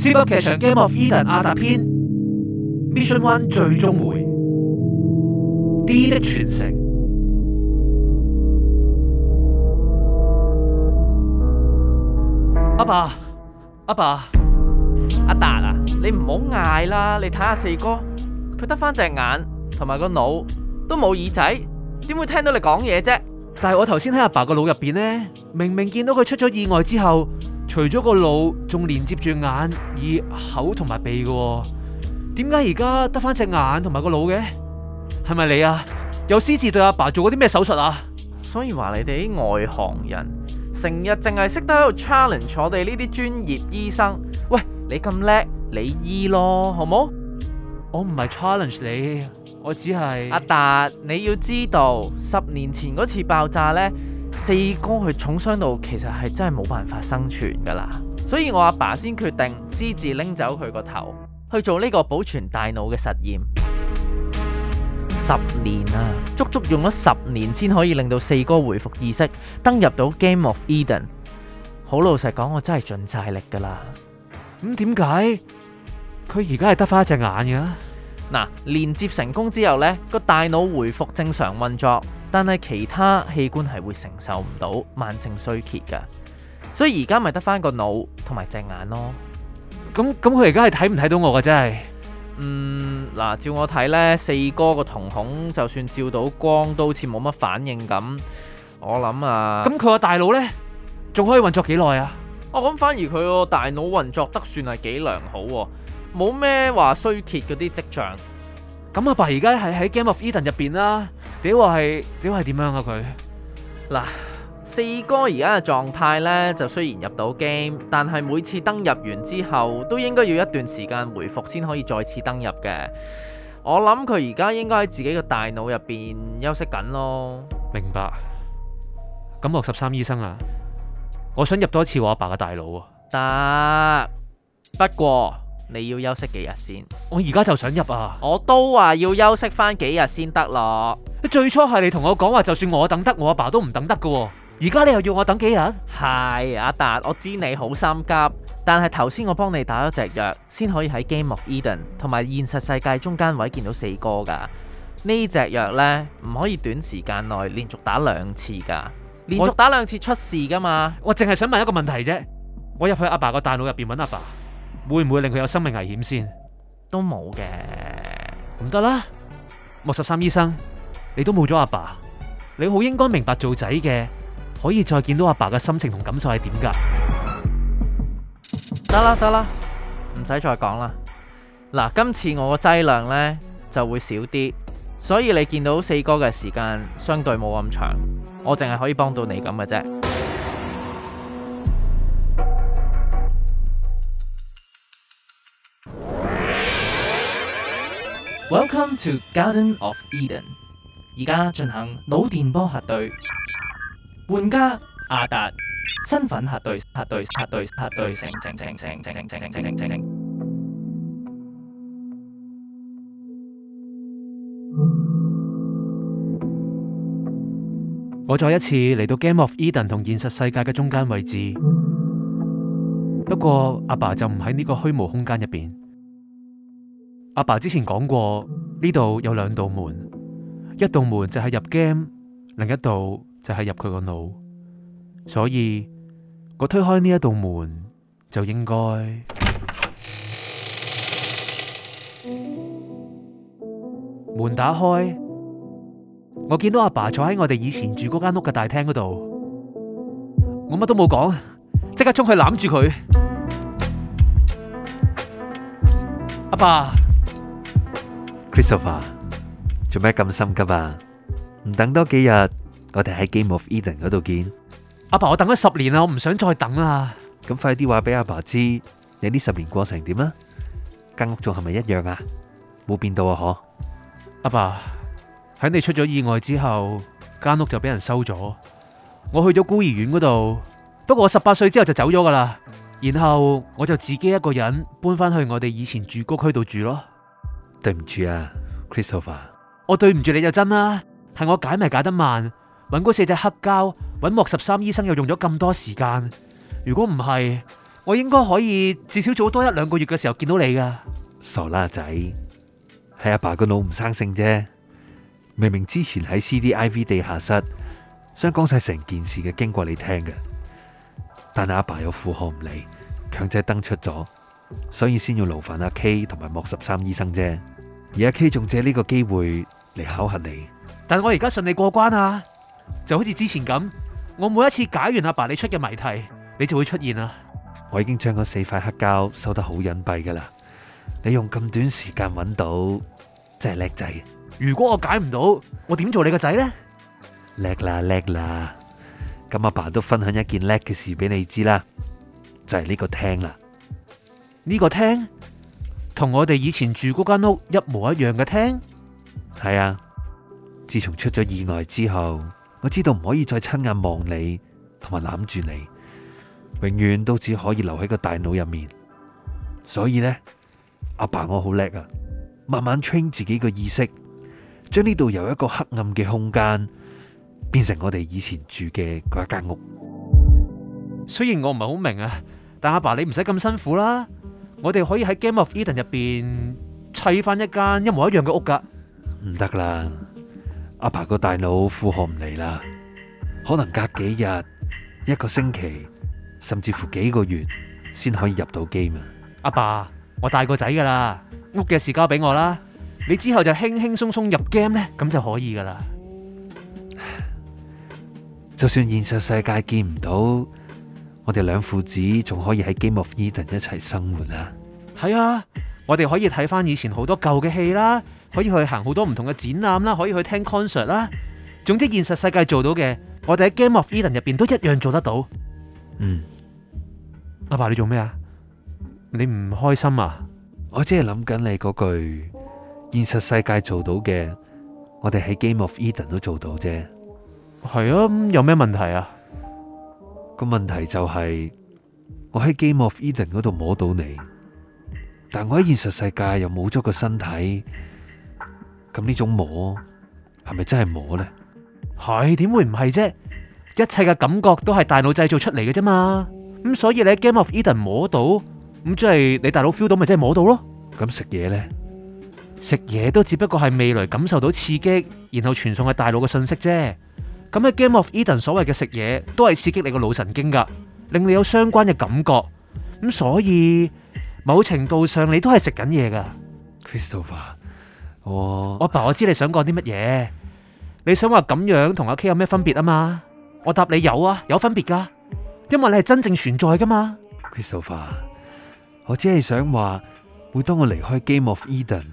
Zip 噏劇場 Game of Eden》阿達篇 Mission One 最終回 D 的傳承，阿爸！阿爸！阿達啦，你唔好嗌啦！你睇下四哥，佢得返隻眼同埋個腦，都冇耳仔，點會聽到你講嘢啫？但係我頭先喺阿爸個腦入邊呢，明明見到佢出咗意外之後。除咗個腦，仲連接住眼、耳、口同埋鼻嘅。哦，點解而家得返隻眼同埋個腦嘅？係咪你啊？有私自對阿爸做過啲咩手術啊？所以話你哋啲外行人，成日淨係識得喺度 challenge 我哋呢啲專業醫生。喂，你咁叻，你醫咯，好冇？我唔係 challenge 你，我只係，阿達，你要知道十年前嗰次爆炸呢。四哥佢重傷到，其實係真係冇辦法生存噶啦，所以我阿爸先決定私自拎走佢個頭去做呢個保存大腦嘅實驗。十年啊，足足用咗十年先可以令到四哥回復意識，登入到 Game of Eden。好老實講，我真係盡晒力噶啦。咁點解佢而家係得返一隻眼嘅？嗱，連接成功之後呢，個大腦回復正常運作。但係其他器官係會承受唔到慢性衰竭嘅，所以而家咪得翻個腦同埋隻眼咯。咁咁佢而家係睇唔睇到我噶真係？嗯，嗱，照我睇呢，四哥個瞳孔就算照到光，都好似冇乜反應咁。我諗啊，咁佢個大腦呢，仲可以運作幾耐啊？我諗、哦、反而佢個大腦運作得算係幾良好，冇咩話衰竭嗰啲跡象。咁阿爸而家係喺 Game of Eden 入邊啦。你話係，你話係點樣啊？佢嗱四哥而家嘅狀態呢，就雖然入到 game，但係每次登入完之後都應該要一段時間回復先可以再次登入嘅。我諗佢而家應該喺自己嘅大腦入邊休息緊咯。明白咁，莫十三醫生啊，我想入多一次我阿爸嘅大腦啊，得，不過你要休息幾日先。我而家就想入啊，我都話要休息返幾日先得咯。最初係你同我講話，就算我等得，我阿爸都唔等得噶喎。而家你又要我等幾日？係阿達，我知你好心急，但係頭先我幫你打咗隻藥，先可以喺 Game of Eden 同埋現實世界中間位見到四哥噶。呢隻藥呢，唔可以短時間內連續打兩次噶，連續打兩次出事噶嘛。我淨係想問一個問題啫，我入去阿爸個大腦入邊揾阿爸，會唔會令佢有生命危險先？都冇嘅。咁得啦，莫十三醫生。你都冇咗阿爸，你好應該明白做仔嘅可以再見到阿爸嘅心情同感受係點㗎？得啦得啦，唔使再講啦。嗱，今次我嘅劑量呢就會少啲，所以你見到四哥嘅時間相對冇咁長，我淨係可以幫到你咁嘅啫。Welcome to Garden of Eden。而家進行腦電波核對，玩家阿達身份核對核對核對核對成成成成成成成成成我再一次嚟到 Game of Eden 同現實世界嘅中間位置，不過阿爸就唔喺呢個虛無空間入邊。阿爸之前講過，呢度有兩道門。一度門就係入 Game，另一度就係入佢個腦，所以我推開呢一度門就應該門打開，我見到阿爸坐喺我哋以前住嗰間屋嘅大廳嗰度，我乜都冇講，即刻衝去攬住佢，阿爸，Christopher。做咩咁心急啊？唔等多幾日，我哋喺 Game of Eden 嗰度見。阿爸，我等咗十年啦，我唔想再等啦。咁快啲話俾阿爸知，你呢十年過成點啊？間屋仲係咪一樣啊？冇變到啊？嗬。阿爸喺你出咗意外之後，間屋就俾人收咗。我去咗孤兒院嗰度，不過我十八歲之後就走咗㗎啦。然後我就自己一個人搬返去我哋以前住嗰區度住咯。對唔住啊，Christopher。我對唔住你就真啦，係我解謎解得慢，揾嗰四隻黑膠，揾莫十三醫生又用咗咁多時間。如果唔係，我應該可以至少早多一兩個月嘅時候見到你噶。傻啦仔，係阿爸個腦唔生性啫。明明之前喺 C D I V 地下室想講晒成件事嘅經過你聽嘅，但阿爸又負荷唔嚟，強制登出咗，所以先要勞煩阿 K 同埋莫十三醫生啫。而阿 K 仲借呢個機會。嚟考核你，但我而家順利過關啊！就好似之前咁，我每一次解完阿爸你出嘅謎題，你就會出現啊！我已經將嗰四塊黑膠收得好隱蔽噶啦，你用咁短時間揾到，真係叻仔！如果我解唔到，我點做你個仔呢？叻啦，叻啦！咁阿爸都分享一件叻嘅事俾你知啦，就係呢個廳啦。呢個廳同我哋以前住嗰間屋一模一樣嘅廳。係啊！自從出咗意外之後，我知道唔可以再親眼望你同埋攬住你，永遠都只可以留喺個大腦入面。所以呢，阿爸，我好叻啊！慢慢 train 自己個意識，將呢度由一個黑暗嘅空間變成我哋以前住嘅嗰一間屋。雖然我唔係好明啊，但阿爸你唔使咁辛苦啦。我哋可以喺 Game of Eden 入邊砌返一間一模一樣嘅屋㗎。唔得啦，阿爸個大腦負荷唔嚟啦，可能隔幾日、一個星期，甚至乎幾個月，先可以入到 Game 嘛。阿爸，我大個仔噶啦，屋嘅事交俾我啦，你之後就輕輕鬆鬆入 game 咧，咁就可以噶啦。就算現實世界見唔到，我哋兩父子仲可以喺 Game of Eden 一齊生活啊！係啊，我哋可以睇翻以前好多舊嘅戲啦。可以去行好多唔同嘅展覽啦，可以去聽 concert 啦。總之現實世界做到嘅，我哋喺 Game of Eden 入邊都一樣做得到。嗯，阿爸，你做咩啊？你唔開心啊？我只係諗緊你嗰句，現實世界做到嘅，我哋喺 Game of Eden 都做到啫。係啊，有咩問題啊？個問題就係我喺 Game of Eden 嗰度摸到你，但我喺現實世界又冇咗個身體。咁呢種摸係咪真係摸咧？係點會唔係啫？一切嘅感覺都係大腦製造出嚟嘅啫嘛。咁所以你喺 Game of Eden 摸到，咁即係你大腦 feel 到，咪真係摸到咯。咁食嘢咧，食嘢都只不過係味蕾感受到刺激，然後傳送係大腦嘅信息啫。咁喺 Game of Eden 所謂嘅食嘢，都係刺激你個腦神經噶，令你有相關嘅感覺。咁所以某程度上，你都係食緊嘢噶，Christopher。我阿爸，爸，我知你想講啲乜嘢？你想話咁樣同阿 K 有咩分別啊嘛？我答你有啊，有分別噶，因為你係真正存在噶嘛。Christopher，我只係想話，每當我離開 Game of Eden，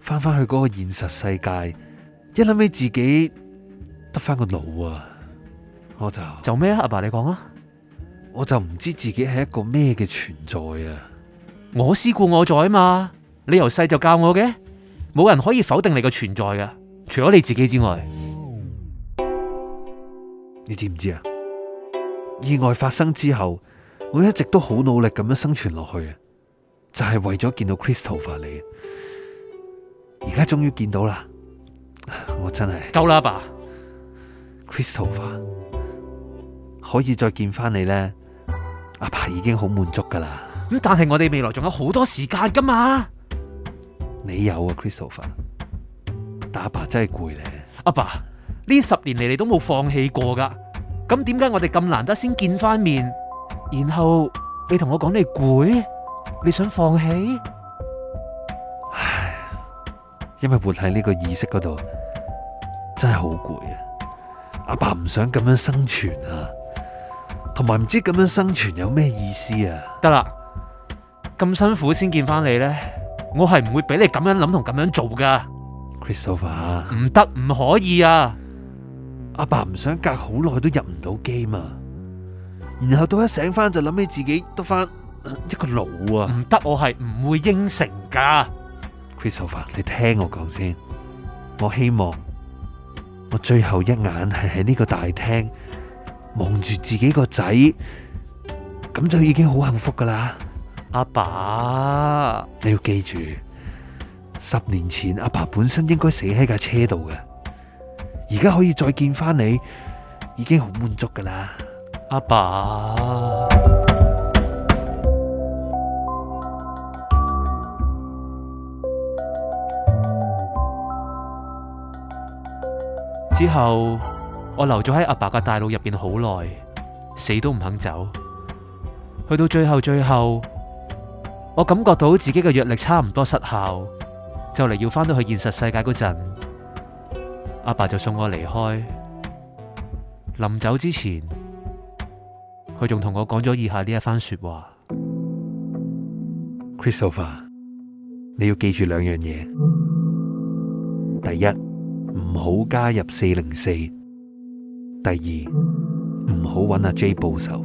翻返去嗰個現實世界，一諗起自己得翻個腦啊，我就做咩啊？阿爸，爸，你講啊，我就唔知自己係一個咩嘅存在啊。我思故我在啊嘛，你由細就教我嘅。冇人可以否定你嘅存在㗎，除咗你自己之外，你知唔知啊？意外發生之後，我一直都好努力咁樣生存落去啊，就係為咗見到 Christopher 你。而家終於見到啦，我真係夠啦，爸。Christopher 可以再見翻你咧，阿爸已經好滿足噶啦。咁但係我哋未來仲有好多時間噶嘛。你有啊，Christopher，但阿爸真係攰咧。阿爸，呢十年嚟你都冇放棄過噶，咁點解我哋咁難得先見翻面，然後你同我講你攰，你想放棄？唉，因為活喺呢個意識嗰度真係好攰啊！阿爸唔想咁樣生存啊，同埋唔知咁樣生存有咩意思啊。得啦，咁辛苦先見翻你咧。我係唔會俾你咁樣諗同咁樣做噶，Christopher，唔得，唔可以啊！阿爸唔想隔好耐都入唔到 game 啊，然後到一醒翻，就諗起自己得翻一個腦啊！唔得，我係唔會應承噶，Christopher，你聽我講先，我希望我最後一眼係喺呢個大廳望住自己個仔，咁就已經好幸福噶啦。阿爸，你要記住，十年前阿爸本身應該死喺架車度嘅，而家可以再見翻你，已經好滿足噶啦，阿爸。之後我留咗喺阿爸嘅大腦入邊好耐，死都唔肯走，去到最後最後。我感覺到自己嘅藥力差唔多失效，就嚟要翻到去現實世界嗰陣，阿爸就送我離開。臨走之前，佢仲同我講咗以下呢一番說話：Christopher，你要記住兩樣嘢，第一唔好加入四零四，第二唔好揾阿 J 報仇，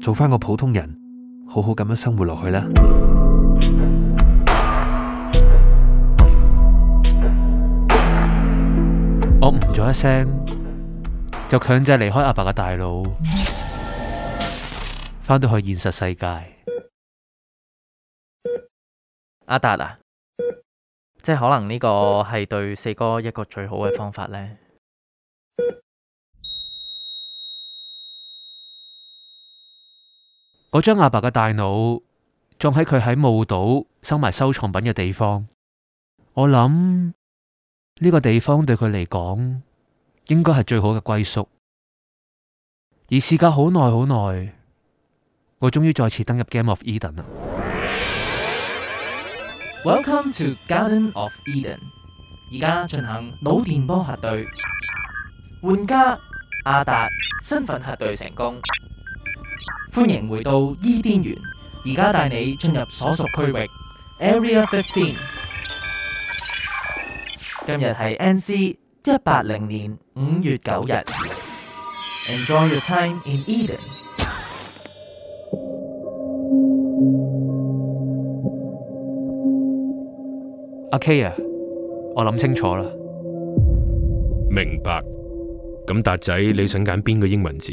做翻個普通人。好好咁樣生活落去啦！我唔咗一聲，就強制離開阿爸嘅大腦，返到去現實世界。阿達啊，即係可能呢個係對四哥一個最好嘅方法呢？我將阿爸嘅大腦葬喺佢喺霧島收埋收藏品嘅地方，我諗呢個地方對佢嚟講應該係最好嘅歸宿。而事隔好耐好耐，我終於再次登入 Game of Eden 啦。Welcome to Garden of Eden，而家進行腦電波核對，玩家阿達身份核對成功。歡迎回到伊甸園，而家帶你進入所屬區域 Area Fifteen。今日係 N.C. 一八零年五月九日。Enjoy your time in Eden。阿 K 啊，我諗清楚啦，明白。咁達仔，你想揀邊個英文字？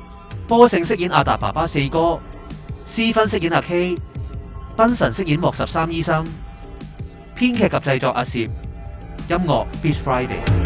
柯成飾演阿達爸爸四哥，施芬飾演阿 K，斌神飾演莫十三醫生，編劇及製作阿攝，音樂 Beach Friday。